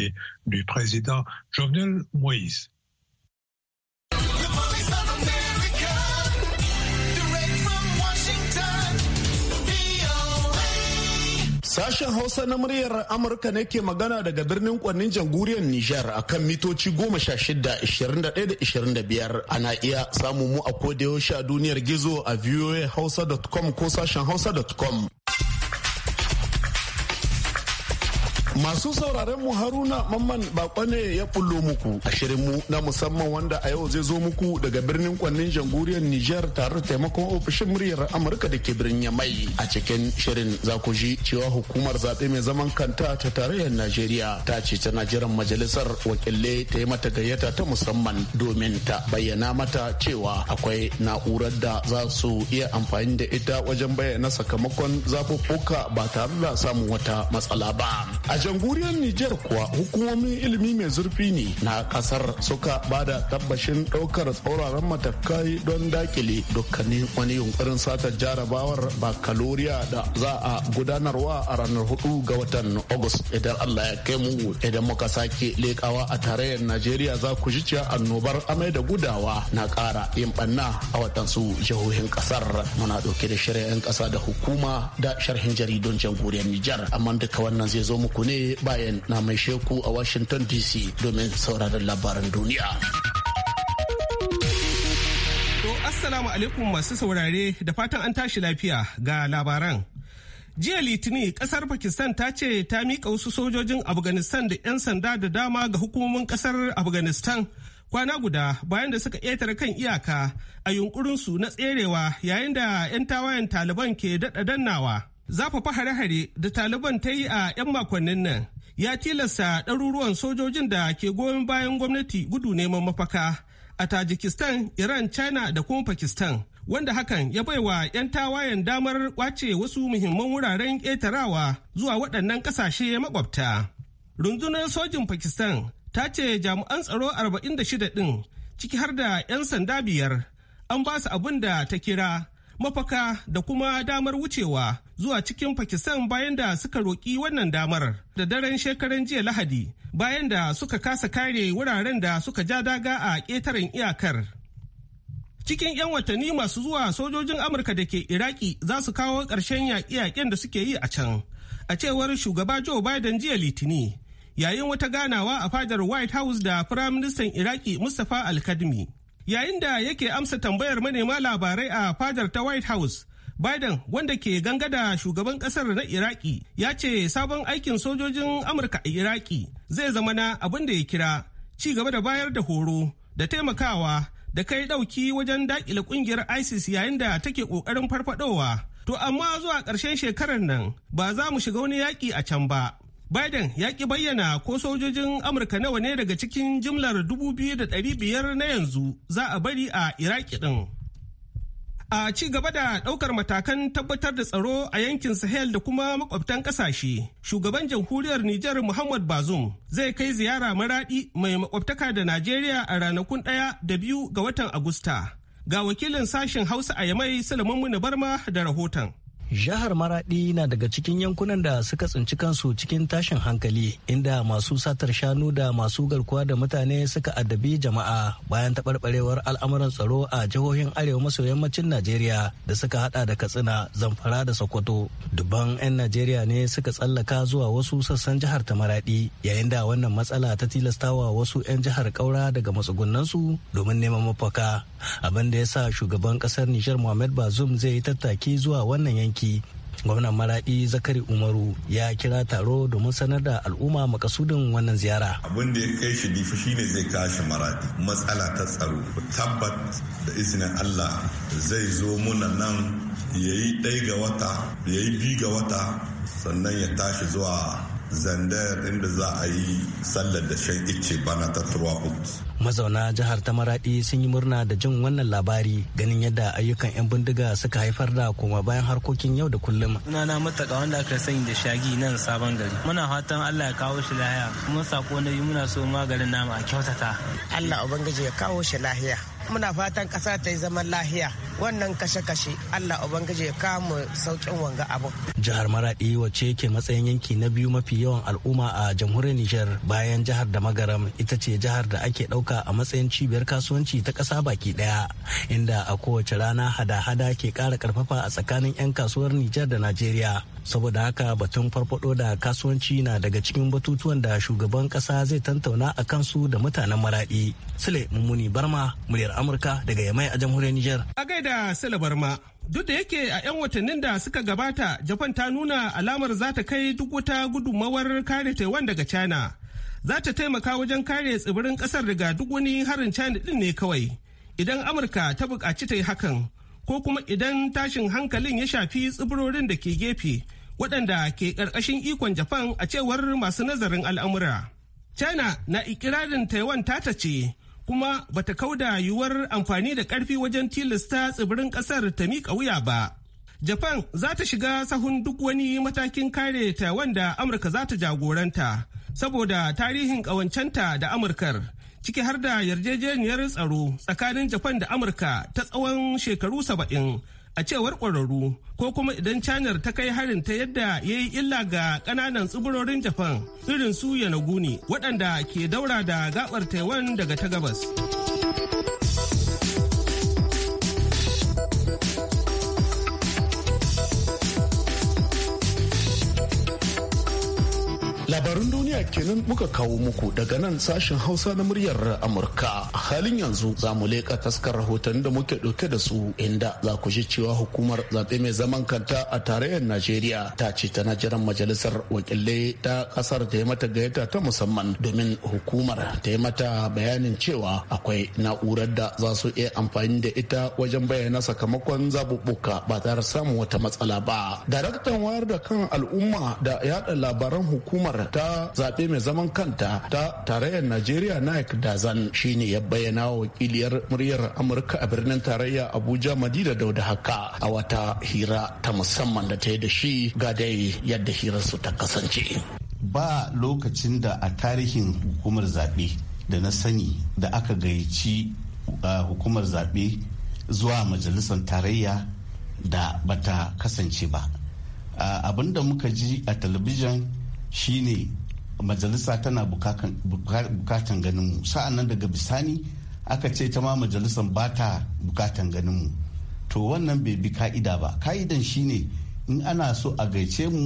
côté du président Jovenel Moïse. Sashen Hausa na muryar Amurka ne ke magana daga birnin kwannin jamhuriyar Nijar a kan mitoci 16-21-25 ana iya samun mu a kodayaushe a duniyar gizo a voahausa.com ko sashen hausa.com Masu sauraren mu Haruna Mamman Bako ne ya bullo muku a shirin mu na musamman wanda a yau zai zo muku daga birnin kwannin jamhuriyar Nijar tare da taimakon ofishin muryar Amurka da ke birnin Yamai. A cikin shirin za ku ji cewa hukumar zaɓe mai zaman kanta ta tarayyar Najeriya ta ce tana jiran majalisar wakilai ta yi mata gayyata ta musamman domin ta bayyana mata cewa akwai na'urar da za su iya amfani da ita wajen bayyana sakamakon zafuffuka ba tare da samun wata matsala ba. A jamhuriyar Nijar kuwa hukumomin ilimi mai zurfi ne na kasar suka bada tabbashin ɗaukar tsauraran matakai don dakile dukkanin wani yunkurin sata jarabawar bakaloriya da za a gudanarwa a ranar hudu ga watan Agus idan Allah ya kai mu idan muka sake lekawa a tarayyar Najeriya za ku ji cewa annobar amai da gudawa na ƙara yin banna a su jihohin kasar muna ɗauke da yan ƙasa da hukuma da sharhin jaridun jamhuriyar Nijar amma duka wannan zai zo muku ne bayan na mai sheku a Washington DC domin sauraron labaran duniya. To Assalamu alaikum masu saurare da fatan an tashi lafiya ga labaran. jiya litinin kasar pakistan ta ce ta miƙa wasu sojojin afghanistan da 'yan sanda da dama ga hukumomin kasar afghanistan kwana guda bayan da suka ƙetare kan iyaka a yunkurinsu na tserewa yayin da 'yan tawayen taliban ke daɗa dannawa zafafa hare-hare da taliban ta yi a 'yan makonnin nan ya tilasta ɗaruruwan sojojin da ke goyon bayan gwamnati gudu neman mafaka a tajikistan iran china da kuma pakistan wanda hakan ya baiwa 'yan tawayen damar kwace wasu muhimman wuraren ƙetarawa zuwa waɗannan ƙasashe makwabta rundunar sojin pakistan ta ce jami'an tsaro 46 ɗin ciki har da 'yan sanda biyar an ba su abin da ta kira mafaka da kuma damar wucewa zuwa cikin Pakistan bayan da suka roƙi wannan damar da daren shekaran jiya Lahadi bayan da suka kasa kare wuraren da suka ja daga a ƙetaren iyakar. Cikin 'yan watanni masu zuwa sojojin Amurka da ke Iraki za su kawo ƙarshen yaƙi yaƙen da suke yi a can. A cewar shugaba Joe Biden jiya Litini, yayin wata ganawa a fadar White House da Firaministan Iraki Mustapha Al-Kadmi. Yayin da yake amsa tambayar manema labarai a fadar ta White House, Biden wanda ke gangada shugaban kasar na Iraki ya ce sabon aikin sojojin Amurka a Iraki zai zama na abin da ya kira ci gaba da bayar da horo da taimakawa da kai ɗauki wajen daƙile ƙungiyar ISIS yayin da take ƙoƙarin farfadowa. To amma zuwa ƙarshen shekarar nan ba za mu shiga wani yaƙi a can ba. Biden ya ki bayyana ko sojojin Amurka nawa ne daga cikin jimlar 2,500 na yanzu za a bari a Iraki ɗin. A ci gaba da ɗaukar matakan tabbatar da tsaro a yankin Sahel da kuma makwabtan ƙasashe, shugaban jamhuriyar Nijar Muhammad Bazoum zai kai ziyara maraɗi mai makwabtaka da Najeriya a ranakun ɗaya da biyu ga watan Agusta. Ga wakilin sashen Hausa a Yamai na Barma da rahoton. Jihar Maradi na daga cikin yankunan da suka tsinci kansu cikin tashin hankali inda masu satar shanu da masu garkuwa da mutane suka addabi jama'a bayan taɓarɓarewar al'amuran tsaro a jihohin arewa maso yammacin Najeriya da suka hada da Katsina, Zamfara da Sokoto. Dubban 'yan Najeriya ne suka tsallaka zuwa wasu sassan jihar ta Maradi yayin da wannan matsala ta tilastawa wasu 'yan jihar Kaura daga matsugunansu domin neman mafaka. Abin da ya sa shugaban ƙasar Nijar Mohamed Bazoum zai yi tattaki zuwa wannan yanki aiki gwamnan maradi zakari umaru ya kira taro domin sanar da al'umma makasudin wannan ziyara abin da ya kai shi difi shine zai kashi maradi matsala ta tsaro tabbat da izinin allah zai zo muna nan ya yi ɗai ga wata ya yi bi ga wata sannan ya tashi zuwa zandar inda za a yi sallar da shan ice bana ta turwakut mazauna jihar ta maradi sun yi murna da jin wannan labari ganin yadda ayyukan 'yan bindiga suka haifar da koma bayan harkokin yau da kullum na mataka wanda aka sani da shagi nan sabon gari muna fatan allah ya kawo shi lahiya kuma sako na yi muna so maganin nama a kyautata allah ubangiji ya kawo shi lahiya muna fatan kasa ta yi zaman lahiya wannan kashe-kashe allah ubangiji ya kamu saukin wanga abu jihar maraɗi wacce ke matsayin yanki na biyu mafi yawan al'umma a jamhuriyar nijar bayan jihar da magaram ita ce jihar da ake ɗauka a matsayin cibiyar kasuwanci ta ƙasa baki ɗaya inda a kowace rana hada-hada ke ƙara karfafa a tsakanin 'yan kasuwar nijar da najeriya saboda haka batun farfado da kasuwanci na daga cikin batutuwan da shugaban kasa zai tantauna a kansu da mutanen maraɗi sule mummuni barma muryar amurka daga yamai a jamhuriyar niger da salabar ma. Duk da yake a 'yan watannin da suka gabata, Japan ta nuna alamar za ta kai duk wata gudunmawar kare Taiwan daga China. Za ta taimaka wajen kare tsibirin ƙasar daga duk wani harin China ɗin ne kawai. Idan Amurka ta buƙaci ta yi hakan, ko kuma idan tashin hankalin ya shafi tsibirorin da ke gefe, waɗanda ke ƙarƙashin ikon Japan a cewar masu nazarin al'amura. China na ikirarin Taiwan tatace. ce. kuma bata kauda yiwuwar amfani da karfi wajen tilasta tsibirin kasar ta miƙa wuya ba. Japan za ta shiga sahun duk wani matakin kare ta wanda Amurka za ta jagoranta saboda tarihin ƙawancenta da Amurkar. ciki har da yarjejeniyar tsaro tsakanin Japan da Amurka ta tsawon shekaru saba'in a cewar ƙwararru ko kuma idan canar ta kai harin ta yadda ya yi illa ga ƙananan tsibirorin japan irin su yanaguni waɗanda ke daura da gabar taiwan daga ta gabas. labarun duniya kenan muka kawo muku daga nan sashen hausa na muryar amurka a halin yanzu za mu leƙa taskar rahoton da muke ɗauke da su inda za ku ji cewa hukumar zaɓe mai zaman kanta a tarayyar najeriya ta ce tana jiran majalisar wakilai ta ƙasar ta yi mata gayyata ta musamman domin hukumar ta mata bayanin cewa akwai na'urar da za su iya amfani da ita wajen bayyana sakamakon zaɓuɓɓuka ba tare samun wata matsala ba daraktan wayar da kan al'umma da yaɗa labaran hukumar ta zaɓe mai zaman kanta ta tarayyar najeriya naik dazan shine ya bayyana wa wakiliyar muryar amurka a birnin tarayya abuja madina dauda haka a wata hira ta musamman da ta yi da shi ga dai yadda hirarsu ta kasance ba lokacin da a tarihin hukumar zaɓe da na sani da aka gayyaci hukumar zaɓe zuwa majalisar tarayya da bata kasance ba abinda muka ji a talabijin shine majalisa tana bukatan ganin mu sa'an nan daga bisani aka ce ta ma majalisar ba ta bukatan ganin mu to wannan bai bi ka'ida ba ka'idan shine in ana so a gaice mu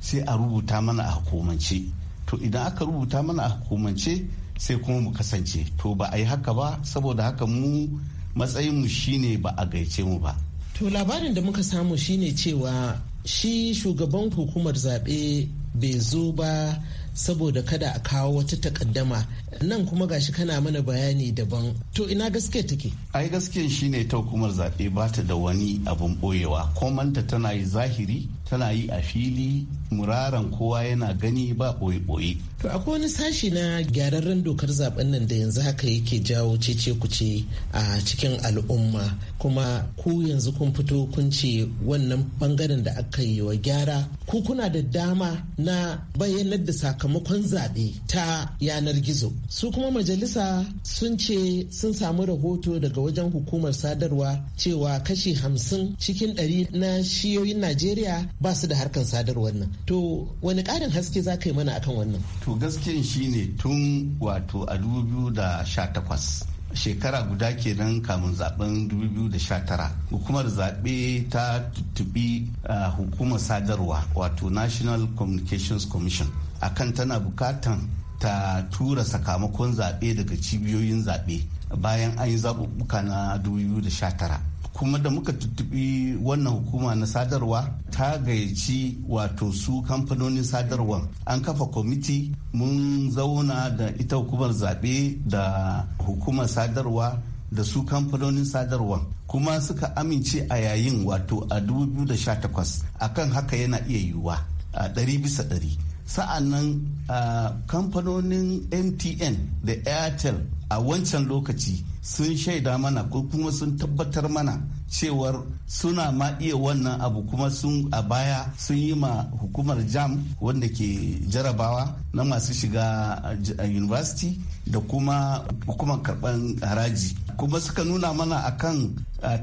sai a rubuta mana a hukumance to idan aka rubuta mana a hukumance sai kuma mu kasance to ba a yi haka ba saboda haka mu matsayin mu shine ba a gaice mu ba to labarin da muka samu shine cewa shi shugaban hukumar zaɓe bai zo ba saboda kada a kawo wata takaddama nan kuma gashi kana mana bayani daban to ina gaske take ai gaskiyan shine ta hukumar zaɓe ba ta da wani abun boyewa komanta tana yi zahiri tana yi a fili muraran kowa yana gani ba boye-boye to akwai wani sashi na gyararren dokar zaben nan da yanzu haka yake jawo cece kuce a cikin al'umma kuma ku yanzu kun fito kun ce wannan bangaren da aka yi wa gyara ku kuna da dama na bayyanar da sakamakon zaɓe ta yanar gizo su kuma majalisa sun ce sun samu rahoto daga wajen hukumar sadarwa cewa kashi hamsin cikin ɗari na shiyoyin najeriya ba su da harkar sadarwar nan to wani ƙarin haske za ka yi mana akan wannan to gaskiyan shine tun wato a 2018 shekara guda kenan kamun zaben 2019 hukumar zaɓe ta tutubi hukumar sadarwa wato national communications commission akan tana bukatan ta tura sakamakon zaɓe daga cibiyoyin zaɓe bayan an yi zaɓuɓɓuka na 2019 kuma da muka tuttubi wannan hukuma na sadarwa ta gayyaci wato su kamfanonin sadarwa an kafa kwamiti mun zauna da ita hukumar zaɓe da hukumar sadarwa da su kamfanonin sadarwa kuma suka amince a yayin wato a 2018 akan haka yana iya yiwuwa a ɗari bisa ɗari sa'annan kamfanonin mtn da airtel a wancan lokaci sun shaida mana ko kuma sun tabbatar mana cewar suna ma iya wannan abu kuma sun a baya sun yi ma hukumar jam wanda ke jarabawa na masu shiga university da kuma hukumar karban haraji kuma suka nuna mana akan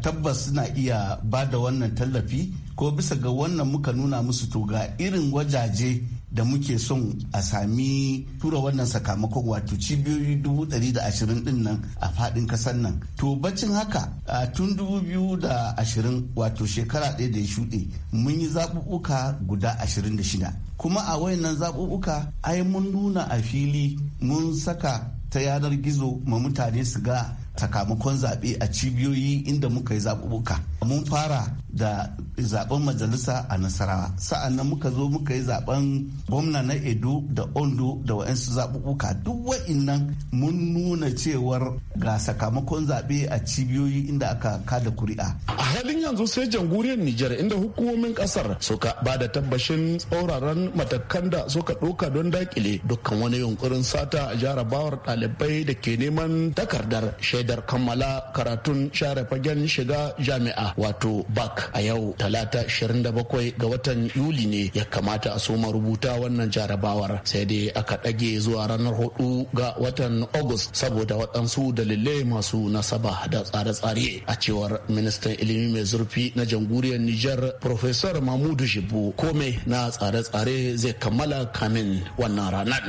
tabbas suna iya ba da wannan tallafi ko bisa ga wannan muka nuna musu to ga irin wajaje da muke son a sami tura wannan sakamakon wato cibiyoyi dubu ɗari da ashirin ɗin nan a faɗin ƙasar nan to bacin haka a tun dubu biyu da ashirin wato shekara ɗaya da ya shuɗe mun yi zaɓuɓɓuka guda ashirin da shida kuma a nan zaɓuɓɓuka ai mun nuna a fili mun saka ta yanar gizo ma mutane su ga sakamakon zaɓe a cibiyoyi inda muka yi zaɓuɓɓuka mun fara da zaben majalisa a nasarawa sa'an nan muka zo muka yi zaben gwamna na edo da ondo da wa'ansu zaɓuɓɓuka duk wa'innan mun nuna cewar ga sakamakon zaɓe a cibiyoyi inda aka kada kuri'a a halin yanzu sai jamhuriyar nijar inda hukumomin ƙasar suka ba da tabbashin tsauraran matakan da suka ɗauka don dakile dukkan wani yunkurin sata a jarabawar ɗalibai da ke neman takardar shaidar kammala karatun share fagen shiga jami'a wato bak a yau talata 27 ga watan yuli ne ya kamata a soma rubuta wannan jarabawar sai dai aka ɗage zuwa ranar hudu ga watan august saboda waɗansu dalilai masu nasaba da tsare-tsare a cewar ministan ilimi mai zurfi na jamhuriyar nijar professor mamudu shibu kome na tsare-tsare zai kammala kamin wannan ranar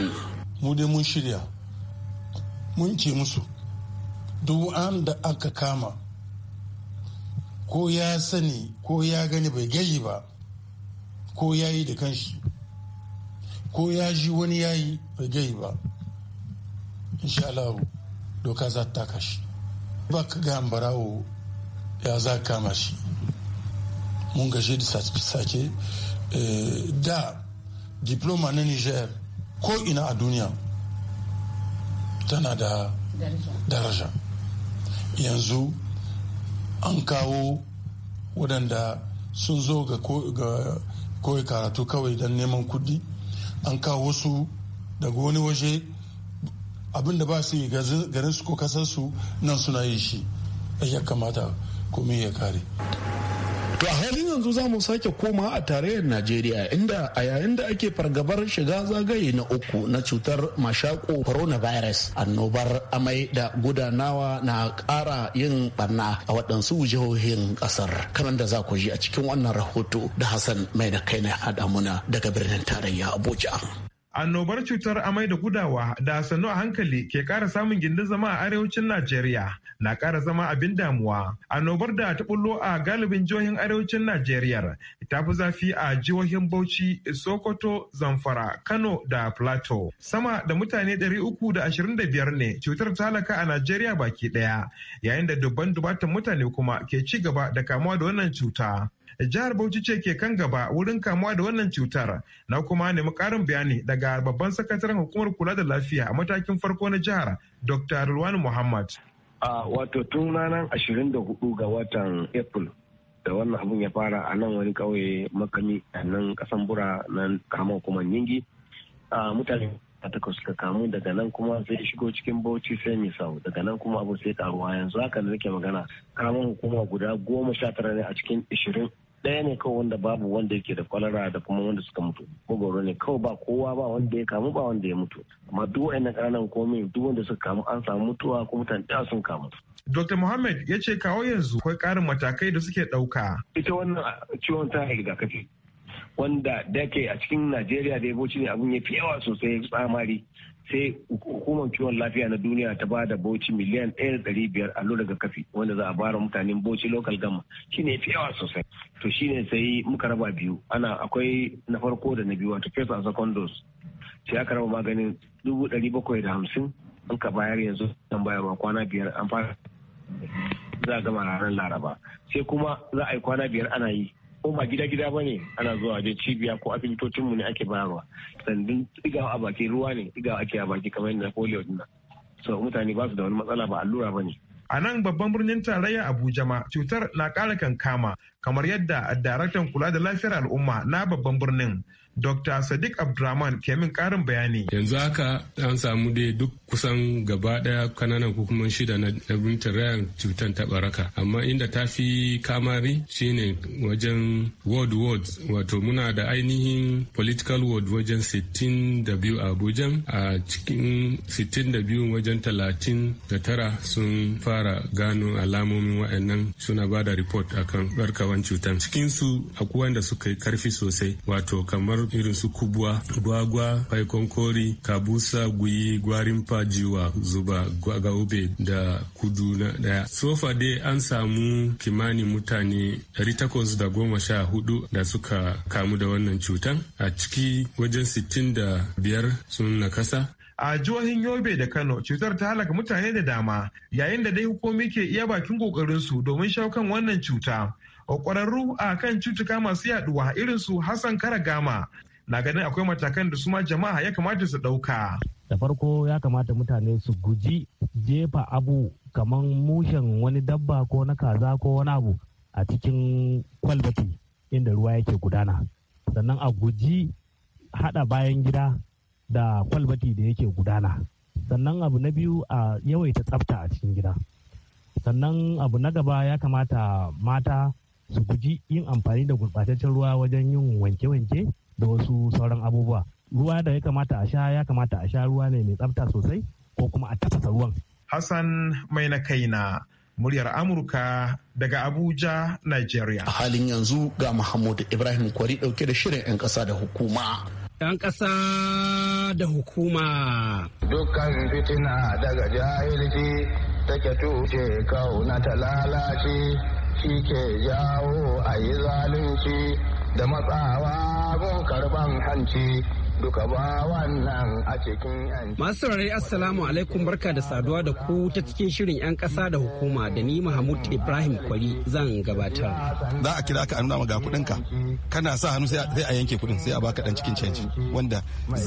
mu dai mun shirya mun ce musu duk an da aka kama ko ya sani ko ya gani bai gayi ba ko ya yi da kanshi ko ya ji wani ya yi bai gayi ba insha Allah doka za ta taka shi ba ka ga barawo ya za kama shi mun gashi da sake eh, da diploma na niger ko ina a duniya tana da daraja yanzu an kawo waɗanda sun zo ga koyi karatu kawai don neman kuɗi an kawo su daga wani waje abin da ba su yi garin su ko su nan suna yi shi ya kamata komai ya kare To a halin yanzu za mu sake koma a tarayyar Najeriya inda a yayin da ake fargabar shiga zagaye na uku na cutar mashako coronavirus annobar amai da gudanawa na ƙara yin barna a waɗansu jihohin ƙasar. Kanan da za ku ji a cikin wannan rahoto da Hassan mai da kai na haɗa muna daga birnin tarayya Abuja. annobar cutar amai da gudawa da sannu a hankali ke ƙara samun gindin zama a arewacin najeriya na ƙara zama abin damuwa annobar da ta bullo a galibin jihohin arewacin najeriya ta fi zafi a jihohin bauchi sokoto zamfara kano da plateau sama da mutane 325 ne cutar ta halaka a najeriya baki ɗaya yayin da dubban dubatan mutane kuma ke ci gaba da kamuwa da wannan cuta jihar Bauchi ce ke kan gaba wurin kamuwa da wannan cutar na kuma nemi karin bayani daga babban sakataren hukumar kula da lafiya a matakin farko na jihar Dr. ruwan Muhammad. A wato tun ranar 24 ga watan April da wannan abun ya fara a nan wani kauye makami a nan kasan bura nan kama kuma yingi a mutane takwas suka kamu daga nan kuma sai shigo cikin bauchi sai misau daga nan kuma abu sai karuwa yanzu haka da nake magana kamar hukuma guda goma sha tara ne a cikin ishirin ɗaya ne kawai wanda babu wanda yake da kwalara da kuma wanda suka mutu magoro ne kawai ba kowa ba wanda ya kamu ba wanda ya mutu amma duk wa'annan ƙananan komai duk wanda suka kamu an samu mutuwa ko mutane ɗaya sun kamu. Dr. Mohammed ya ce kawo yanzu akwai ƙarin matakai da suke ɗauka. Ita wannan ah, ciwon ta rigakafi wanda da ke a cikin Najeriya da ya ne abin ya fi yawa sosai tsamari sai hukumar kiwon lafiya na duniya ta ba da bauchi miliyan ɗaya da ɗari biyar daga kafi. wanda za a bara mutanen bauchi local gama shi ne yawa sosai to shi ne sai muka raba biyu ana akwai na farko da na biyu wato first and second dose sai aka raba maganin dubu ɗari bakwai da hamsin an ka bayar yanzu an wa kwana biyar an fara za a gama ranar laraba sai kuma za a yi kwana biyar ana yi ko ba gida gida ba ne ana zuwa wajen cibiya ko asibitocin mu ne ake bayarwa sandin tsigawa a baki ruwa ne tsigawa ake a baki kamar yadda polio na so mutane ba su da wani matsala ba allura ba ne a nan babban birnin tarayya abuja ma cutar na ƙara kankama kamar yadda a daraktan kula da lafiyar al'umma na babban birnin dr sadiq abdurrahman ke min karin bayani yanzu haka an samu dai duk kusan gaba daya kananan hukumar shida na rayan cutar tabaraka amma inda ta fi kamari shine wajen world world wato muna da ainihin political ward wajen 62 a abuja a cikin 62 wajen 39 sun fara gano alamomin waɗannan suna ba da report akan barkawa daban-daban cutan cikinsu akwai wanda suka yi karfi sosai wato kamar irin su kubuwa gwagwa faikon kori kabusa guyi gwarin fajiwa zuba gaube da kudu na daya sofa dai an samu kimanin mutane 814 da suka kamu da wannan cutan a ciki wajen 65 sun nakasa a jihohin yobe da kano cutar ta halaka mutane da dama yayin da dai hukumi ke iya bakin kokarinsu domin shaukan wannan cuta kwararru a kan cutuka masu yaduwa irin su hassan karagama na ganin akwai matakan da su ma jama'a ya kamata su ɗauka. da farko ya kamata mutane su guji jefa abu kamar mushen wani dabba ko na kaza ko wani abu a cikin kwalbati inda ruwa yake gudana sannan a guji hada bayan gida da kwalbati da yake gudana sannan abu na biyu a yawaita tsafta a cikin gida sannan abu na gaba ya kamata mata su guji yin amfani da gurɓataccen ruwa wajen yin wanke-wanke da wasu sauran abubuwa ruwa da ya kamata a sha ya kamata a sha ruwa ne mai tsafta sosai ko kuma a tafasa ruwan hassan mai na kai na muryar amurka daga abuja nigeria a halin yanzu ga muhammadu ibrahim kwari dauke da shirin 'yan ƙasa da hukuma 'yan ƙasa da hukuma dukkan fitina daga jahilci take tuce kauna ta lalace shi ke jawo a yi zalunci da matsawa gun karban hanci duka ba wannan a cikin yanci. Masu saurari Assalamu alaikum barka da saduwa da ku ta cikin shirin 'yan kasa da hukuma da ni Mahmud Ibrahim Kwari zan gabatar. Za a kira ka a nuna ma ga kuɗinka kana sa hannu sai a yanke kuɗin sai a baka dan cikin canji wanda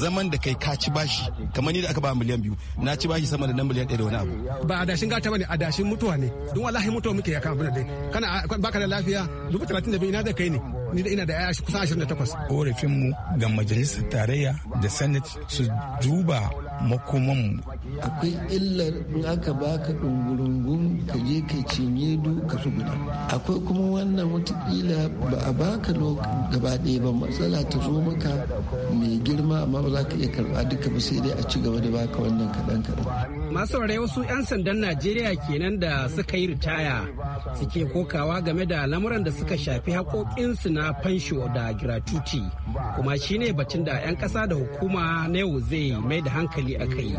zaman da kai ka ci bashi kamar ni da aka ba miliyan biyu na ci bashi sama da nan miliyan ɗaya da wani abu. Ba adashin gata ba ne adashin mutuwa ne don wallahi mutuwa muke ya kan abin da dai kana baka da lafiya dubu talatin da biyu na da kai ne. ni da ina da yaya kusa da takwas. mu ga majalisar tarayya da senate su duba makoman mu akwai illar in aka baka ɗungurungun ka je ka cinye du ka guda akwai kuma wannan watakila ba a baka gaba ɗaya ba matsala ta zo maka mai girma amma ba za ka iya karɓa duka ba sai dai a ci gaba da baka wannan kaɗan kaɗan masu ware wasu 'yan sandan najeriya kenan da suka yi ritaya suke kokawa game da lamuran da suka shafi haƙoƙinsu na fansho da giratuti kuma shine batun da 'yan ƙasa da hukuma na yau zai mai da hankali a kai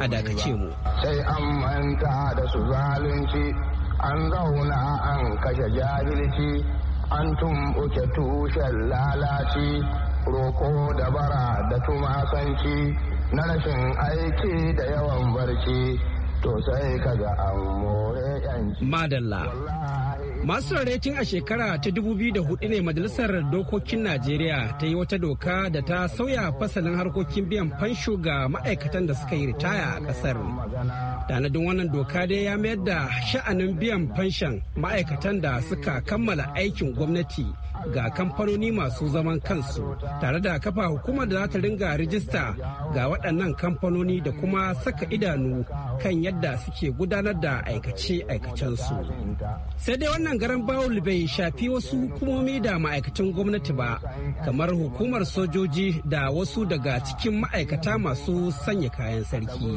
a dakace mu sai an manta da su zalunci an zauna an kashe jahilci an tumɓuke tushen lalaci roko da bara da tumasanci na rashin aiki da yawan barci to sai kaga an more Madalla. Masu rarrakin a shekara ta 2004 ne Majalisar Dokokin Najeriya ta yi wata doka da ta sauya fasalin harkokin biyan fansho ga ma'aikatan da suka yi ritaya a ƙasar. Tanadin wannan doka dai ya mayar da sha'anin biyan fanshon ma'aikatan da suka kammala aikin gwamnati ga kamfanoni masu zaman kansu tare da kafa hukumar da za ta ringa rijista ga waɗannan kamfanoni da kuma saka idanu kan yadda suke gudanar da aikace-aikacensu. Sai dai wannan garan bawul bai shafi wasu hukumomi da ma'aikacin gwamnati ba, kamar hukumar sojoji da wasu daga cikin ma'aikata masu sanya kayan sarki.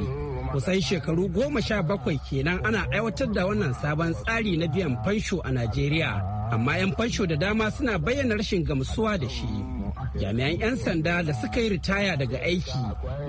Kusan shekaru goma sha bakwai kenan ana aiwatar da wannan sabon tsari na biyan fansho a Najeriya. Amma 'yan fansho da dama suna bayyana rashin gamsuwa da shi jami'an 'yan sanda da suka yi ritaya daga aiki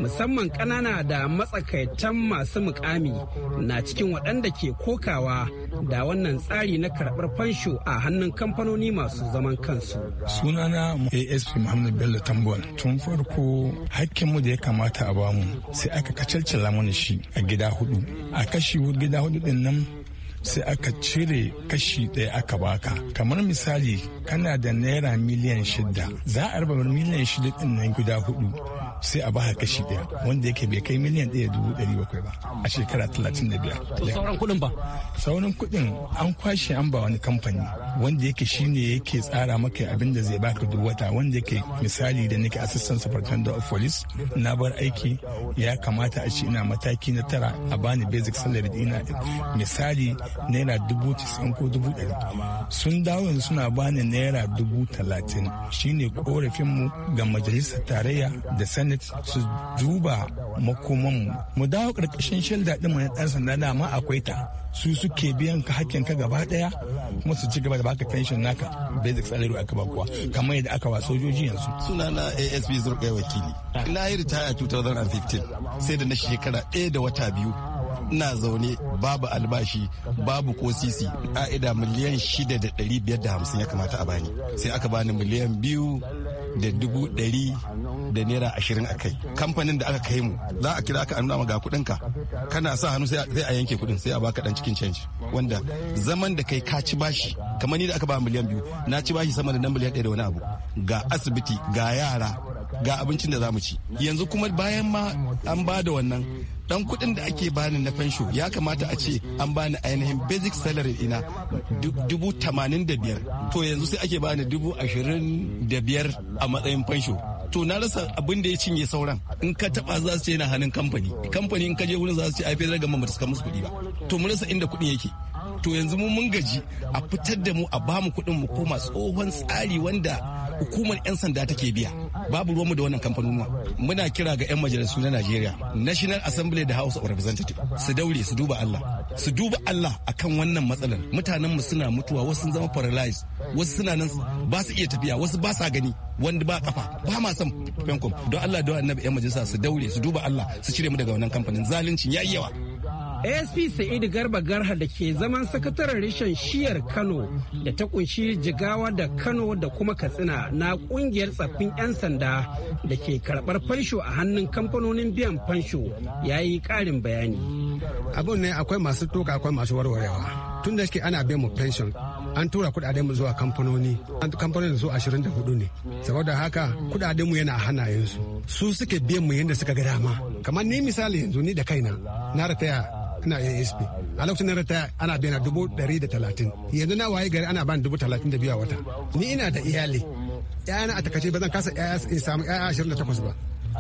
musamman kanana da matsakaitan masu mukami na cikin waɗanda ke kokawa da wannan tsari na karɓar fansho a hannun kamfanoni masu zaman kansu sunana asp muhammad bello tambon tun farko hakkinmu da ya kamata a bamu sai aka kacalcala mana shi a gida hudu a kashi gida hudu din nan sai aka cire kashi ɗaya aka baka kamar misali kana da naira miliyan shida za a raba miliyan shida ɗin nan guda hudu sai a baka kashi daya wanda yake bai kai miliyan ɗaya dubu ɗari bakwai ba a shekara talatin da biyar. To sauran kuɗin ba? Sauran kuɗin an kwashe an ba wani kamfani wanda yake shine yake tsara maka abin da zai baka duk wata wanda yake misali da nake assistant superintendent of police na bar aiki ya kamata a ce ina mataki na tara a bani basic salary ina misali naira dubu tisan ko dubu ɗari sun dawo suna bani naira dubu talatin shine korafinmu ga majalisar tarayya da sani. intanet su duba makoman mu dawo ƙarƙashin shilda ɗin mu na ɗan sanda dama akwai ta su suke biyan ka hakkin ka gaba ɗaya kuma su ci gaba da baka pension naka basic salary aka ba kuwa kamar yadda aka wa sojoji yanzu. sunana asb zurkai wakili na yi ritaya 2015 sai da na shekara ɗaya da wata biyu ina zaune babu albashi babu ko sisi a'ida miliyan da hamsin ya kamata a bani sai aka bani miliyan biyu da dubu dari da naira ashirin a kai kamfanin da aka kai mu za a kira ka a nuna ga kuɗin ka kana sa hannu sai a yanke kuɗin sai a baka dan cikin canji wanda zaman da kai ka ci bashi kamar ni da aka ba miliyan biyu na ci bashi sama da nan miliyan ɗaya da wani abu ga asibiti ga yara ga abincin da zamu ci yanzu kuma bayan ma an ba da wannan dan kudin da ake bani na fensho ya kamata a ce an bani ainihin basic salary ina dubu tamanin da biyar to yanzu sai ake bani dubu ashirin da biyar a matsayin fensho to na rasa abin da ya cinye sauran in ka taba za su ce yana hannun kamfani kamfani in ka je wurin za su ce ai fesar gama ta musu kuɗi ba to mu rasa inda kuɗin yake to yanzu mu mun gaji a fitar da mu a bamu kuɗin mu koma tsohon tsari wanda hukumar 'yan sanda take biya babu ruwanmu da wannan kamfanonuwa muna kira ga 'yan majalisu na najeriya national assembly da house of representatives su daure su duba allah su duba allah akan wannan matsalar mutanenmu suna mutuwa wasu sun zama paralyzed wasu suna nan ba su iya tafiya wasu ba sa gani wanda ba kafa ba ma san fenkom don allah da annabi 'yan majalisa su daure su duba allah su cire mu daga wannan kamfanin zaluncin ya yi yawa asp Sa'id garba garha da ke zaman sakataren rishon shiyar kano da ta kunshi jigawa da kano da kuma katsina na kungiyar tsaffin 'yan sanda da ke karbar fansho a hannun kamfanonin biyan fansho ya yi karin bayani abin ne akwai masu toka akwai masu warwarewa tun da ana biyan mu pension an tura kudaden mu zuwa kamfanoni an kamfanoni su 24 ne saboda haka kudaden mu yana hana yansu su suke biyan mu yadda suka ga dama kamar ni misali yanzu ni da kaina na rataya ina yin sp a lokacin na rata ana biya na dubu ɗari da talatin yanzu na waye gari ana bani dubu talatin da biyu a wata ni ina da iyali ƴaƴana a takaice ba zan kasa ƴaƴa in samu ƴaƴa ashirin da takwas ba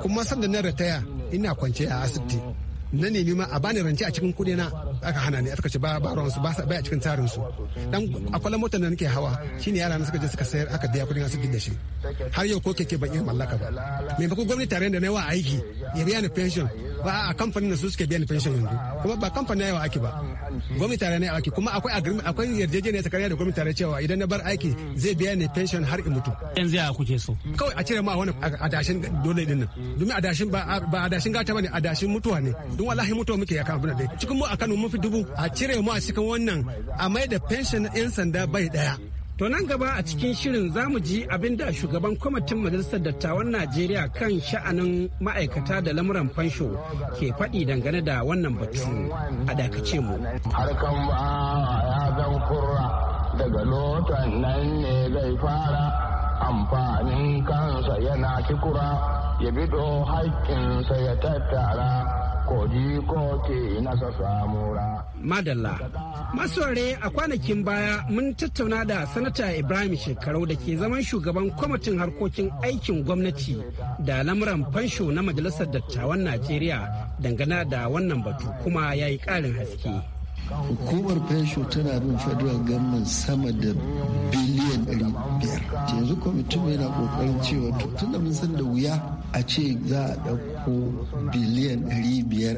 kuma san da na rataya ina kwance a asibiti na nemi ma a bani rance a cikin kuɗi na aka hana ni aka ce ba ba ruwansu ba a cikin tsarin su dan akwai motar da nake hawa shine yara na suka je suka sayar aka biya kuɗin asibiti da shi har yau ko keke ban iya mallaka ba me ku gwamnati tare da na wa aiki ya biya ni pension ba a kamfanin su suke biyan pension yanzu kuma ba kamfanin yawa ake ba gwamnati tare ne ake kuma akwai agreement akwai yarjejeniya tsakanin da gwamnati tare cewa idan na bar aiki zai biya ni pension har in mutu yanzu ya kuke so kawai a cire ma wani adashin dole din nan domin adashin ba adashin gata bane adashin mutuwa ne don wallahi mutuwa muke ya kan abin da cikin mu a Kano mun fi dubu a cire mu a cikin wannan a mai da pension yan sanda bai daya To nan gaba a cikin shirin za mu ji abin da shugaban kwamitin Majalisar Dattawan Najeriya kan sha'anin ma'aikata da lamuran fansho ke faɗi dangane da wannan batu a dakace mu. Harkan ba ya kurra daga lotan nan ne zai fara amfanin kansa yana kikura ya bido haƙƙinsa ya tattara. Madalla. Masoare a kwanakin baya mun tattauna da Sanata Ibrahim Shekarau da ke zaman shugaban kwamitin harkokin aikin gwamnati da lamuran fansho na Majalisar Dattawan Najeriya dangana da wannan batu kuma ya yi ƙarin haske. hukumar fensho tana bin federal government sama da biliyan 500 yanzu kwamitin yana kokarin cewa tun da mun san da wuya a ce za a ɗauko biliyan 500 a biya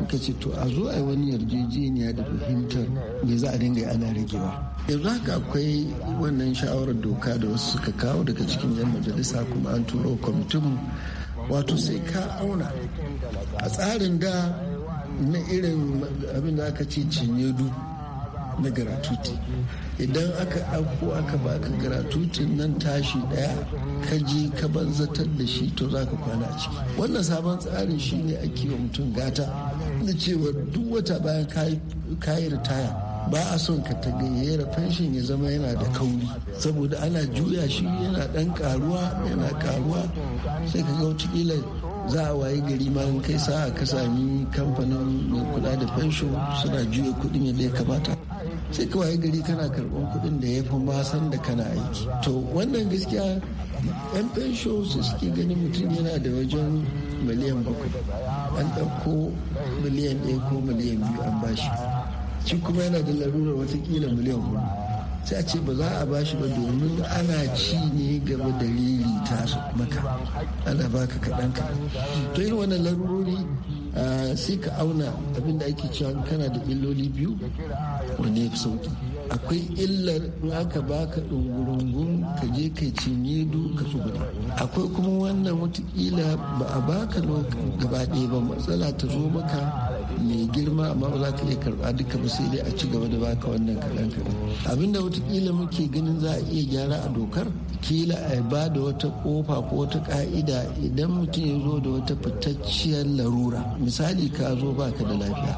muka ce to a zo a yi wani yarjejeniya da fahimtar me za a dinga yi ana ragewa yanzu haka akwai wannan shawarar doka da wasu suka kawo daga cikin yan majalisa kuma an turo kwamitin wato sai ka auna a tsarin da na irin abin da aka ce cinyedu na garatuti idan aka abu aka baka garatutin nan tashi daya ka je ka banzatar da shi to za ka kwana ciki wannan sabon tsarin shi ne ake wa mutum gata da cewa duk wata bayan kayi ritaya ba a son ka ta gayyara fenshin ya zama yana da kauri saboda ana juya shi yana dan karuwa yana karuwa sai ka ga wata za a waye gari ma in kai sa'a ka sami kamfanin mai kula da fensho suna juya kuɗin yadda ya kamata sai ka waye gari kana karɓar kuɗin da ya fi masan da kana aiki to wannan gaskiya yan fensho su suke ganin mutum yana da wajen miliyan bakwai an ɗauko miliyan ɗaya ko miliyan biyu an bashi shi kuma yana da larurar watakila miliyan hudu sai a ce ba za a bashi ba domin ana ci ne gaba dalili taru maka ana baka kaɗan kaɗan to yin wannan larurori sai ka auna abin da ake cewa kana da illoli biyu wani ya fi sauki akwai illar in aka baka ɗungurungun ka je kai cinye du ka tsuguna akwai kuma wannan watakila ba a baka gaba ɗaya ba matsala ta zo maka mai girma amma ba za ka iya karba duka ba sai dai a ci gaba da baka wannan kaɗan kaɗan abinda watakila muke ganin za a iya gyara a dokar kila a ba da wata ƙofa ko wata ka'ida idan mutum ya zo da wata fitacciyar larura misali ka zo baka da lafiya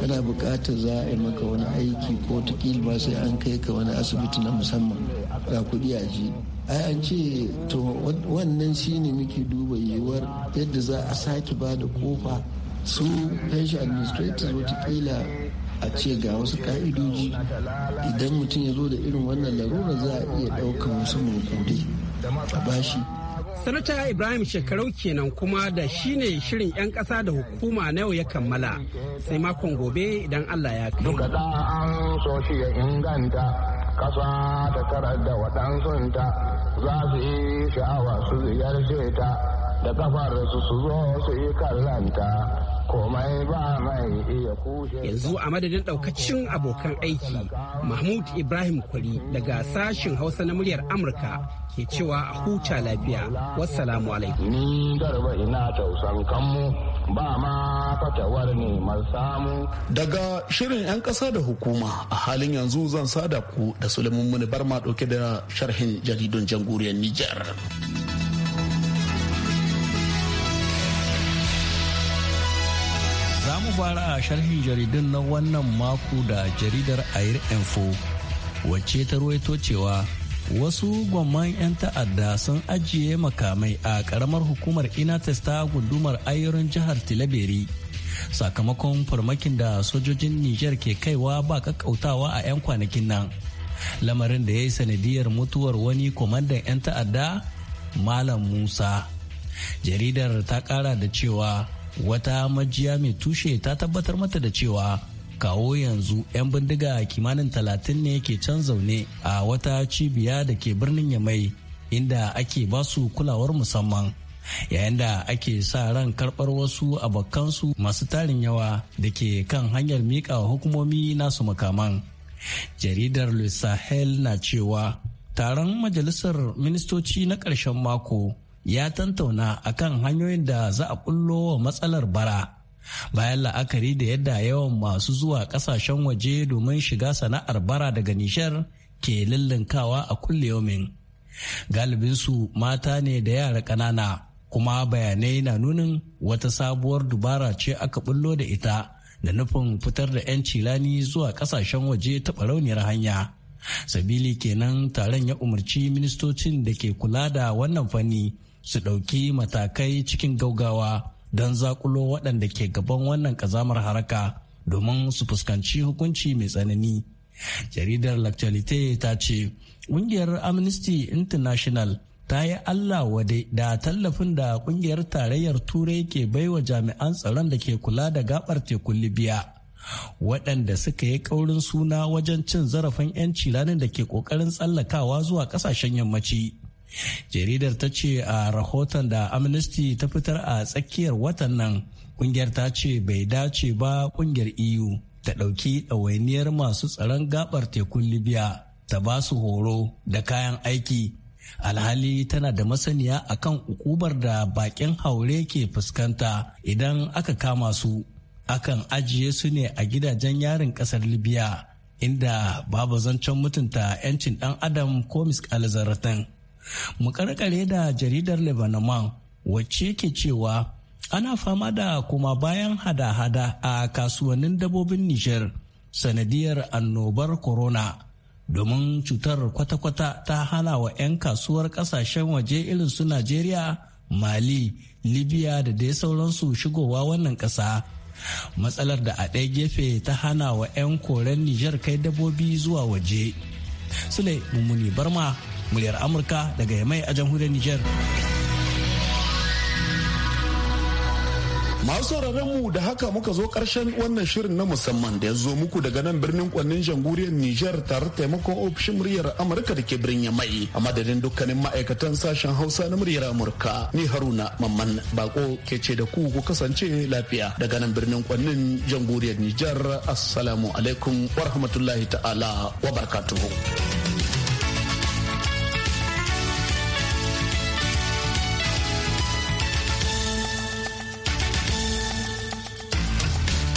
kana buƙatar za a yi maka wani aiki ko watakila ba sai an kai ka wani asibiti na musamman ga kuɗi a ji ai an ce to wannan shine muke duba yiwuwar yadda za a sake ba da ƙofa. su pension administrators watakila a ce ga wasu ka'idoji idan mutum ya zo da irin wannan larura za a iya ɗaukar wasu mankode a bashi sanata ibrahim shekarau kenan kuma da shine shirin 'yan ƙasa da hukuma na yau ya kammala sai makon gobe idan allah ya kai duka da an so shi ya inganta kasa ta karar da waɗansunta za su yi sha'awa su ziyarce ta da kafar su su zo su yi kallanta Yanzu a madadin daukacin abokan aiki, Mahmud Ibrahim Kwari daga sashen Hausa na muryar Amurka ke cewa a huta lafiya. Wassalamu alaikum. Ni garba ina tausan kanmu ba ma fatawar ne samu. Daga shirin 'yan ƙasa da hukuma a halin yanzu zan sada ku da Suleiman Muni Barma ɗauke da sharhin jaridun jamhuriyar Nijar. fara a sharhin jaridun na wannan mako da jaridar Air Info wacce ta ruwaito cewa wasu gwamman 'yan ta'adda sun ajiye makamai a karamar hukumar inates ta gundumar ayyurin jihar tilaberi sakamakon farmakin da sojojin niger ke kaiwa ba kakkautawa a 'yan kwanakin nan lamarin da ya yi sanadiyar mutuwar wani kwamandan 'yan ta'adda malam musa jaridar ta kara da cewa wata majiya mai tushe ta tabbatar mata da cewa kawo yanzu 'yan bindiga kimanin talatin ne ke can zaune a wata cibiya da ke birnin yamai inda ake basu kulawar musamman yayin da ake sa ran karɓar wasu abokansu masu tarin yawa da ke kan hanyar miƙa hukumomi nasu makaman jaridar Le sahel na cewa taron majalisar ministoci na ƙarshen mako ya tantauna akan hanyoyin da za a kullo wa matsalar bara bayan la'akari da yadda yawan masu zuwa kasashen waje domin shiga sana'ar bara daga nishar ke lullunkawa a kulliyomin galibinsu mata ne da yara ƙanana kuma bayanai na nunin wata sabuwar dubara ce aka bullo da ita da nufin fitar da 'yan cilani zuwa kasashen waje ta barauniyar hanya sabili kenan taron ya umarci ministocin da ke kula da wannan fanni su ɗauki matakai cikin gaugawa don zakulo waɗanda ke gaban wannan ƙazamar haraka domin su fuskanci hukunci mai tsanani. Jaridar Lactualite ta ce, ƙungiyar Amnesty International ta yi Allah wade da tallafin da ƙungiyar tarayyar Turai ke baiwa jami'an tsaron da ke kula da gabar tekun Libya. waɗanda suka yi ƙaurin suna wajen cin zarafin 'yanci ranar da ke ƙoƙarin tsallakawa zuwa ƙasashen yammaci jaridar ta ce a rahoton da amnesty ta fitar a tsakiyar watan nan kungiyar ta ce bai dace ba kungiyar eu ta ɗauki ɗawainiyar masu tsaron gabar tekun libya ta ba su horo da kayan aiki alhali tana da masaniya akan ukubar da bakin haure ke fuskanta idan aka kama su akan ajiye su ne a gidajen yarin ƙasar libya inda babu zancen mutunta 'yancin ɗan adam ko zaratan. Mu karkare da jaridar Lebanon wacce ke cewa ana fama da kuma bayan hada-hada a kasuwannin dabobin niger sanadiyar annobar corona domin cutar kwata-kwata ta hana wa 'yan kasuwar kasashen waje irin su Najeriya, Mali, Libya da dai sauransu shigowa wannan ƙasa. Matsalar da a ɗaya gefe ta hana wa 'yan koren niger kai dabobi zuwa waje. Sule Mummuni Barma muryar amurka daga yamai a jamhuriyar niger masu mu da haka muka zo karshen wannan shirin na musamman da ya zo muku daga nan birnin kwannin janguriyar Nijar tare taimakon ofishin muryar Amurka da ke birnin Yamai a madadin dukkanin ma'aikatan sashen Hausa na muryar Amurka ni Haruna Mamman Bako ke ce da ku ku kasance lafiya daga nan birnin kwannin janguriyar Nijar assalamu alaikum wa rahmatullahi ta'ala wa barkatuhu.